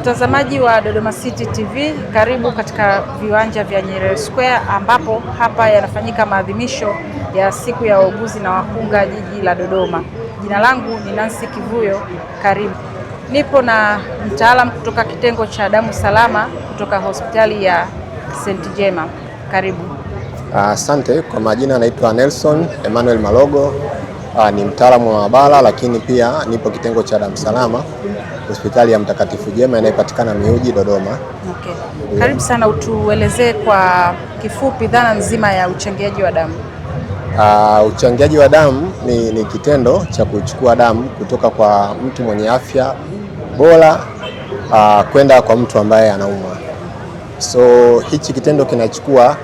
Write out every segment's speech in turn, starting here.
Mtazamaji wa Dodoma City TV, karibu katika viwanja vya Nyerere Square ambapo hapa yanafanyika maadhimisho ya siku ya wauguzi na wakunga jiji la Dodoma. Jina langu ni Nancy Kivuyo, karibu. Nipo na mtaalam kutoka kitengo cha damu salama kutoka hospitali ya St. Jema. Karibu. Asante. Uh, kwa majina anaitwa Nelson Emmanuel Malogo. Uh, ni mtaalamu wa maabara lakini pia nipo kitengo cha damu salama hospitali ya Mtakatifu Jema inayopatikana Miuji, Dodoma. Okay. Karibu sana, utuelezee kwa kifupi dhana nzima ya uchangiaji wa damu. Uh, uchangiaji wa damu ni, ni kitendo cha kuchukua damu kutoka kwa mtu mwenye afya bora uh, kwenda kwa mtu ambaye anaumwa. So hichi kitendo kinachukua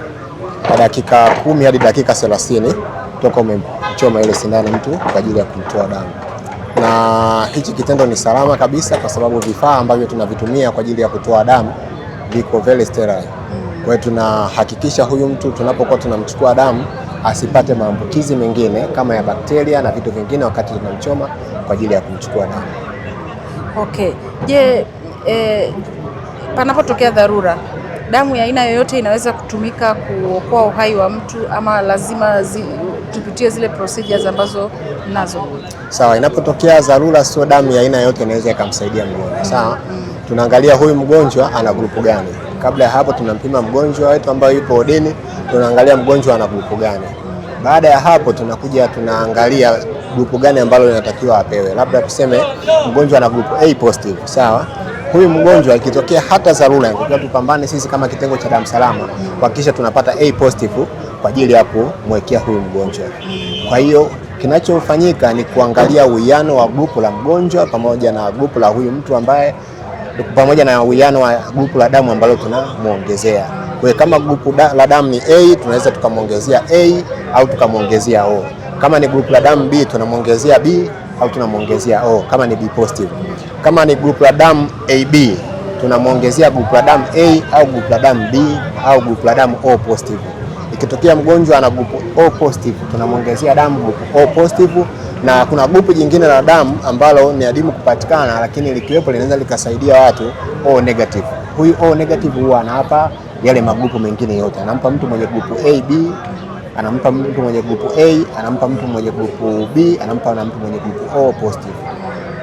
dakika kumi hadi dakika 30 toka umemchoma ile sindano mtu kwa ajili ya kumtoa damu na hichi kitendo ni salama kabisa, kwa sababu vifaa ambavyo tunavitumia kwa ajili ya kutoa damu viko very sterile. Kwa hiyo tunahakikisha huyu mtu tunapokuwa tunamchukua damu asipate maambukizi mengine kama ya bakteria na vitu vingine wakati tunamchoma kwa ajili ya kumchukua damu. Okay. Je, eh, panapotokea dharura damu ya aina yoyote inaweza kutumika kuokoa uhai wa mtu ama lazima zi, tupitie zile procedures ambazo nazo. Sawa, inapotokea dharura, sio damu ya aina yote inaweza ikamsaidia mgonjwa. Sawa, tunaangalia huyu mgonjwa ana grupu gani. Kabla ya hapo, tunampima mgonjwa wetu ambaye yupo odini, tunaangalia mgonjwa ana grupu gani. Baada ya hapo, tunakuja tunaangalia grupu gani ambalo linatakiwa apewe. Labda tuseme mgonjwa ana grupu A positive, sawa huyu mgonjwa ikitokea hata dharura, tupambane sisi kama kitengo cha damu salama kuhakikisha tunapata A positive kwa ajili ya kumwekea huyu mgonjwa. Kwa hiyo kinachofanyika ni kuangalia uwiano wa grupu la mgonjwa pamoja na grupu la huyu mtu ambaye pamoja na uwiano wa gupu la damu ambalo tunamwongezea. Kwa kama gupu da, la damu ni A tunaweza tukamwongezea A au tukamwongezea O. Kama ni gupu la damu B tunamwongezea B au tunamwongezea O kama ni B positive. Kama ni gupu la damu AB tunamwongezea gupu la damu A au gupu la damu B au gupu la damu O positive. Ikitokea mgonjwa ana group O positive, tunamwongezea damu group O positive, na kuna group jingine la damu ambalo ni adimu kupatikana, lakini likiwepo linaweza likasaidia watu O negative. Huyu O negative huwa anawapa yale magrupu mengine yote, anampa mtu mwenye group A B, anampa mtu mwenye group A, anampa mtu mwenye group B, anampa na mtu mwenye group O positive.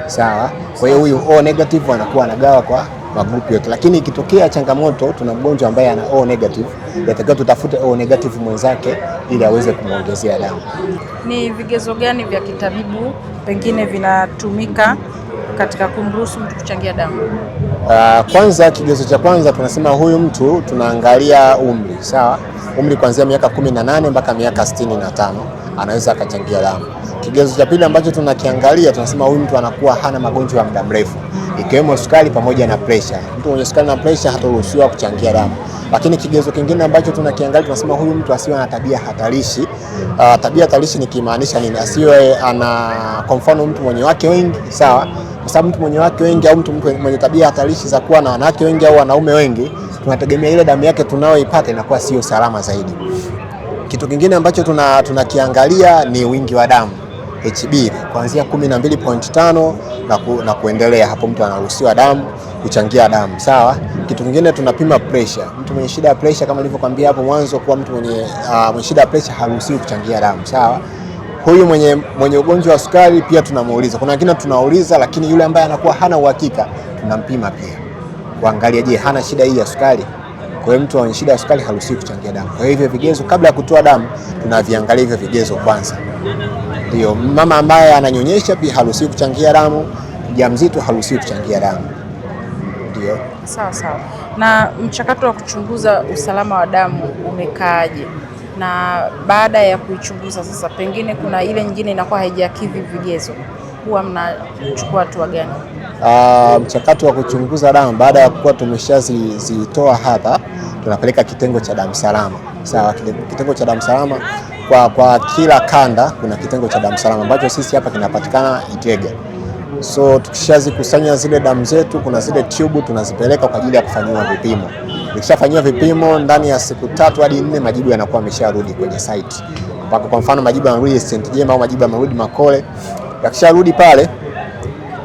Sawa. Kwa hiyo huyu O negative anakuwa anagawa kwa magrupu yote, lakini ikitokea changamoto, tuna mgonjwa ambaye ana O negative, yatakiwa tutafute O negative mwenzake ili aweze kumwongezea damu. Ni vigezo gani vya kitabibu pengine vinatumika katika kumruhusu mtu kuchangia damu? Uh, kwanza kigezo cha kwanza tunasema huyu mtu tunaangalia umri, sawa? Umri kuanzia miaka 18 mpaka miaka 65 anaweza akachangia damu. Kigezo cha pili ambacho tunakiangalia tunasema huyu mtu anakuwa hana magonjwa ya muda mrefu ikiwemo sukari pamoja na presha. Mtu mwenye sukari na presha hataruhusiwa kuchangia damu. Lakini kigezo kingine ambacho tunakiangalia tunasema huyu mtu asiwe na tabia hatarishi. Uh, tabia hatarishi nikimaanisha nini? Asiwe ana, kwa mfano mtu mwenye wake wengi, sawa kwa sababu mtu mwenye wake wengi au mtu mwenye tabia hatarishi za kuwa na wanawake wengi au wanaume wengi, tunategemea ile damu yake tunayoipata inakuwa sio salama zaidi. Kitu kingine ambacho tunakiangalia tuna ni wingi wa damu. HB kuanzia 12.5 na, ku, na kuendelea hapo, mtu anaruhusiwa damu kuchangia damu sawa. Kitu kingine tunapima pressure. Mtu mwenye shida ya pressure kama nilivyokuambia hapo mwanzo, kwa mtu mwenye, uh, mwenye shida ya pressure haruhusiwi kuchangia damu sawa. Huyu mwenye, mwenye ugonjwa wa sukari pia tunamuuliza. Kuna wengine tunauliza, lakini yule ambaye anakuwa hana uhakika tunampima pia kuangalia, je, hana shida hii ya sukari? Kwa hiyo mtu mwenye shida ya sukari haruhusiwi kuchangia damu. Kwa hivyo vigezo, kabla ya kutoa damu tunaviangalia hivyo vigezo kwanza. Ndio, mama ambaye ananyonyesha pia haruhusiwi kuchangia damu, mjamzito haruhusiwi kuchangia damu. Ndio. Sawa sawa. Na mchakato wa kuchunguza usalama wa damu umekaaje? Na baada ya kuichunguza sasa, pengine kuna ile nyingine inakuwa haijakidhi vigezo, huwa mnachukua hatua gani? Uh, mchakato wa kuchunguza damu baada ya kuwa tumeshazitoa hapa, tunapeleka kitengo cha damu salama. Sawa, kitengo cha damu salama kwa, kwa kila kanda kuna kitengo cha damu salama ambacho sisi hapa kinapatikana Itega. So tukishazikusanya zile damu zetu, kuna zile tube tunazipeleka kwa ajili ya kufanyiwa vipimo. Ikishafanyiwa vipimo ndani ya siku tatu hadi nne, majibu yanakuwa yamesharudi kwenye site mpaka, kwa mfano majibu yanarudi St James au majibu yanarudi Makole. Yakisharudi pale,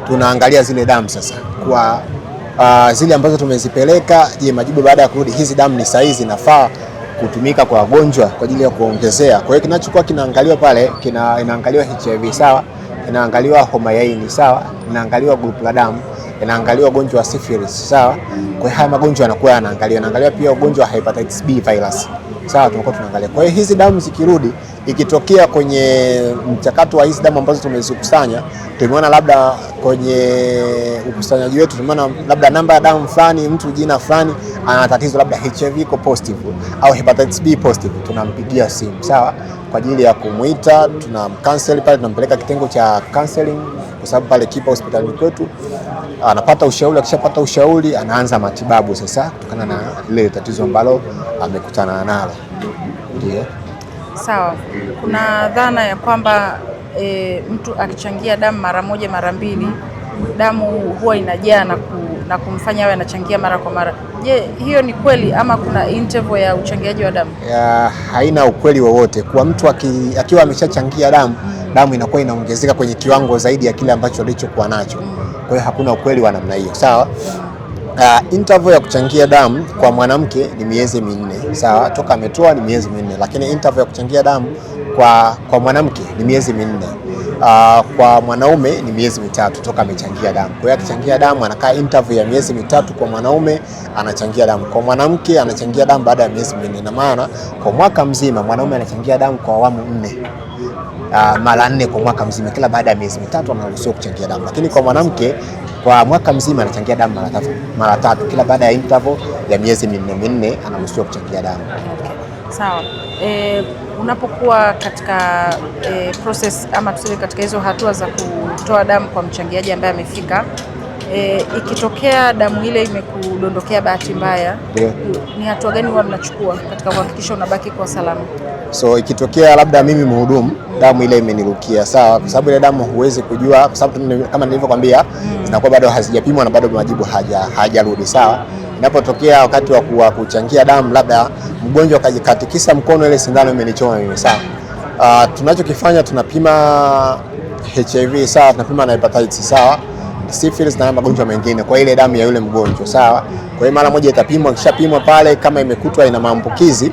tunaangalia zile damu sasa kwa uh, zile ambazo tumezipeleka. Je, majibu baada ya kurudi, hizi damu ni sahihi, zinafaa kutumika kwa wagonjwa kwa ajili ya kuongezea. Kwa hiyo kinachokuwa kinaangaliwa pale kina, inaangaliwa HIV sawa, inaangaliwa homa ya ini sawa, inaangaliwa grupu la damu, inaangaliwa ugonjwa wa syphilis sawa. Kwa hiyo haya magonjwa yanakuwa yanaangaliwa, inaangaliwa pia ugonjwa wa hepatitis B virus sawa, tunakuwa tunaangalia. Kwa hiyo hizi damu zikirudi, ikitokea kwenye mchakato wa hizi damu ambazo tumezikusanya, tumeona labda kwenye ukusanyaji wetu tumeona labda namba ya damu fulani, mtu jina fulani ana tatizo labda HIV iko positive au hepatitis B positive, tunampigia simu sawa, kwa ajili ya kumwita, tunamkanseli pale, tunampeleka kitengo cha counseling kwa sababu pale kipa hospitali kwetu anapata ushauri. Akishapata ushauri, anaanza matibabu sasa, kutokana na lile tatizo ambalo amekutana nalo. Ndio, sawa. Kuna dhana ya kwamba e, mtu akichangia damu mara moja mara mbili damu huwa inajaa na, ku, na kumfanya awe anachangia mara kwa mara. Je, hiyo ni kweli ama kuna interval ya uchangiaji wa damu? Ya, haina ukweli wowote kwa mtu aki, akiwa ameshachangia damu mm. damu inakuwa inaongezeka kwenye kiwango zaidi ya kile ambacho alichokuwa nacho mm. kwa hiyo hakuna ukweli wa namna hiyo, sawa Uh, interval ya kuchangia damu kwa mwanamke ni miezi minne sawa, toka ametoa ni miezi minne, lakini interval ya kuchangia damu kwa, kwa mwanamke ni miezi minne. Uh, kwa mwanaume ni miezi mitatu toka amechangia damu. Kwa hiyo akichangia damu anakaa interview ya miezi mitatu kwa mwanaume, anachangia damu. Kwa mwanamke anachangia damu baada ya miezi minne. Na maana kwa mwaka mzima mwanaume anachangia damu kwa awamu nne. Uh, mara nne kwa mwaka mzima, kila baada ya miezi mitatu anaruhusiwa kuchangia damu. Lakini kwa mwanamke kwa mwaka mzima anachangia damu mara tatu, mara tatu kila baada ya interval ya miezi minne minne anaruhusiwa kuchangia damu. Okay. Sawa. E, unapokuwa katika e, process ama tuseme katika hizo hatua za kutoa damu kwa mchangiaji ambaye amefika e, ikitokea damu ile imekudondokea bahati mbaya yeah, ni hatua gani huwa mnachukua katika kuhakikisha unabaki kwa salama? So ikitokea labda mimi mhudumu damu ile imenirukia, sawa, kwa sababu ile damu huwezi kujua, kwa sababu kama nilivyokwambia, mm, bado hazijapimwa na bado majibu hajarudi haja, sawa mm inapotokea wakati wa kuwa kuchangia damu, labda mgonjwa akajikatikisa mkono, ile sindano imenichoma mimi. Sawa, uh, tunachokifanya tunapima HIV, sawa, tunapima na hepatitis, sawa, syphilis na magonjwa mengine kwa ile damu ya yule mgonjwa, sawa. Kwa hiyo mara moja itapimwa, kishapimwa pale, kama imekutwa ina maambukizi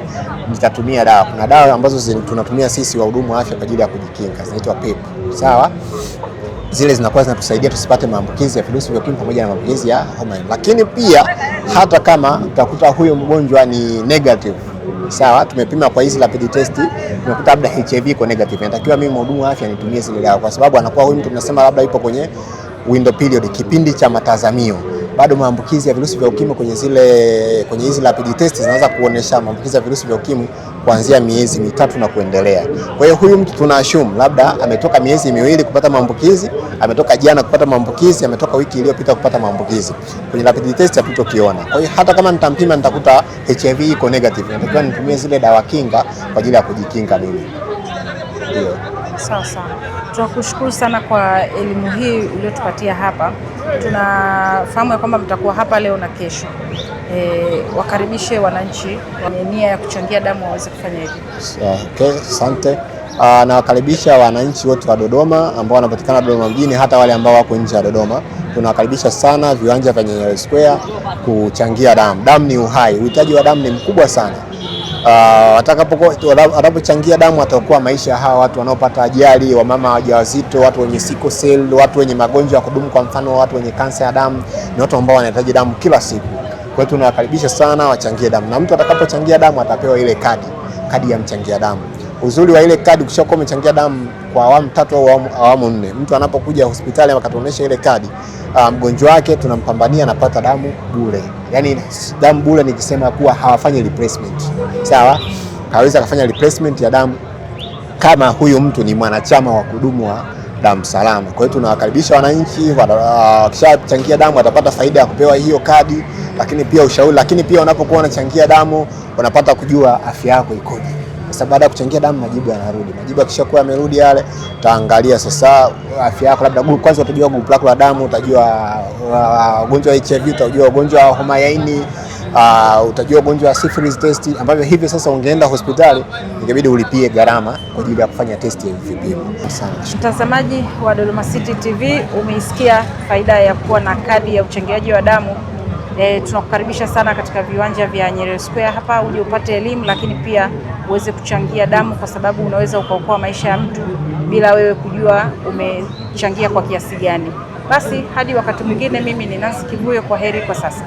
nitatumia dawa. Kuna dawa ambazo zin, tunatumia sisi wahudumu wa afya kwa ajili ya kujikinga zinaitwa PEP, sawa zile zinakuwa zinatusaidia tusipate maambukizi ya virusi vya ukimwi pamoja na maambukizi ya homa, lakini pia hata kama utakuta huyo mgonjwa ni negative sawa, tumepima kwa hizi rapid test, tumekuta labda HIV iko negative, natakiwa mimi mhudumu wa afya nitumie zile dawa, kwa sababu anakuwa huyu mtu tunasema labda ipo kwenye window period, kipindi cha matazamio bado maambukizi ya virusi vya ukimwi kwenye zile kwenye hizi rapid test zinaweza kuonesha maambukizi ya virusi vya ukimwi kuanzia miezi mitatu na kuendelea. Kwa hiyo huyu mtu tuna assume labda ametoka miezi miwili kupata maambukizi, ametoka jana kupata maambukizi, ametoka wiki iliyopita kupata maambukizi. Kwenye rapid test hatutokiona. Kwa hiyo hata kama nitampima nitakuta HIV iko negative, natakiwa nitumie zile dawa kinga kwa ajili ya kujikinga mimi. Ndio. Sawa sawa. Tunakushukuru sana kwa elimu hii uliotupatia hapa. Tunafahamu ya kwamba mtakuwa hapa leo na kesho e, wakaribishe wananchi wenye nia ya kuchangia damu waweze kufanya hivyo. Okay, asante. Ah, nawakaribisha wananchi wote wa Dodoma ambao wanapatikana Dodoma mjini, hata wale ambao wako nje ya Dodoma. Tunawakaribisha sana viwanja vya Nyerere Square kuchangia damu. Damu ni uhai, uhitaji wa damu ni mkubwa sana. Ah, watapochangia damu ataokoa maisha hawa watu wanaopata ajali, wamama wajawazito, watu wenye sickle cell, watu wenye magonjwa ya kudumu, kwa mfano watu wenye kansa ya damu. Ni watu ambao wanahitaji damu kila siku. Kwa hiyo tunawakaribisha sana wachangie damu, na mtu atakapochangia damu atapewa ile kadi, kadi ya mchangia damu. Uzuri wa ile kadi, ukishakuwa umechangia damu kwa awamu tatu au awamu, awamu nne, mtu anapokuja hospitali akatuonesha ile kadi ah, mgonjwa um, wake tunampambania, anapata damu bure. Yani damu bure nikisema kuwa hawafanyi replacement, sawa? kaweza akafanya replacement ya damu kama huyu mtu ni mwanachama wa kudumu wa damu salama. Kwa hiyo tunawakaribisha wananchi, wakishachangia damu watapata faida ya kupewa hiyo kadi lakini pia ushauri, lakini pia unapokuwa unachangia damu unapata kujua afya yako ikoje. Sasa baada ya kuchangia damu majibu yanarudi. Majibu akishakuwa yamerudi yale, utaangalia sasa afya yako, labda kwanza utajua group lako la damu, utajua uh, ugonjwa wa HIV, utajua ugonjwa wa homa ya ini, uh, utajua ugonjwa wa syphilis test, ambavyo hivi sasa ungeenda hospitali ingebidi ulipie gharama kwa ajili ya kufanya test ya vipimo. Mtazamaji wa Dodoma City TV, umeisikia faida ya kuwa na kadi ya uchangiaji wa damu. E, tunakukaribisha sana katika viwanja vya Nyerere Square hapa uje upate elimu, lakini pia uweze kuchangia damu, kwa sababu unaweza ukaokoa maisha ya mtu bila wewe kujua umechangia kwa kiasi gani. Basi hadi wakati mwingine, mimi ni Nancy Kivuyo, kwa heri kwa sasa.